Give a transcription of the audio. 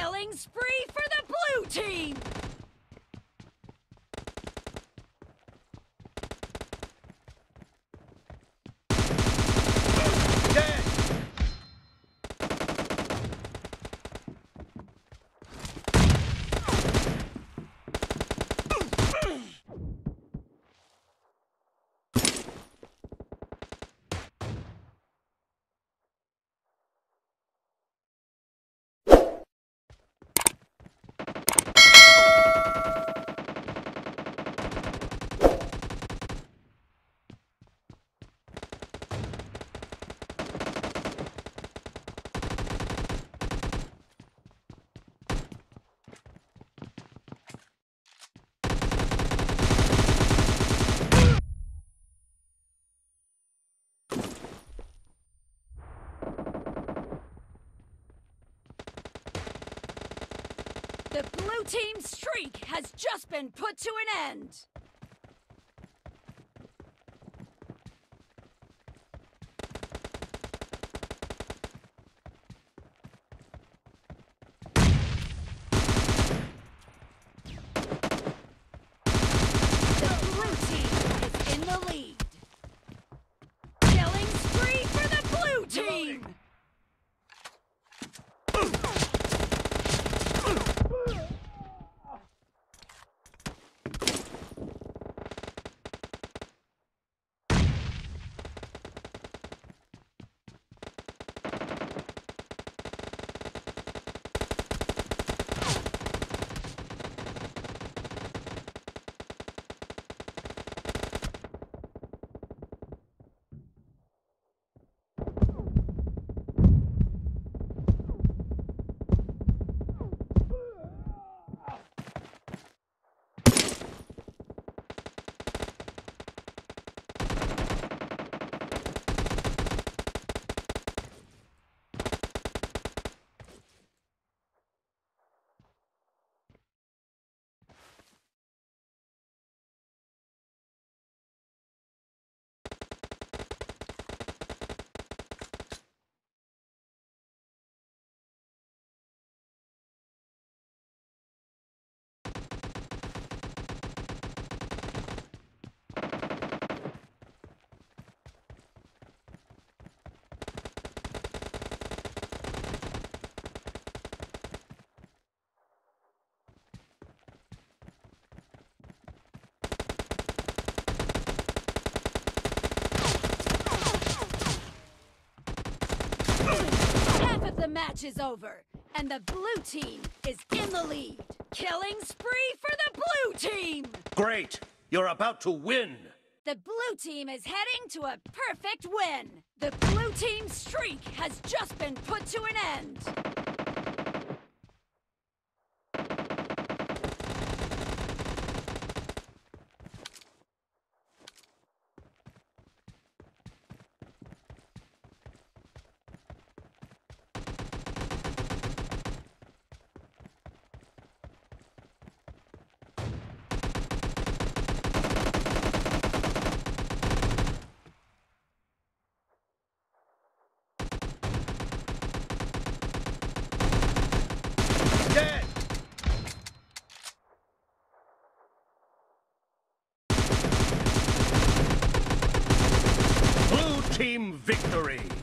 killing spree for the blue team! The blue team's streak has just been put to an end! match is over, and the blue team is in the lead. Killing spree for the blue team! Great! You're about to win! The blue team is heading to a perfect win! The blue team's streak has just been put to an end! victory!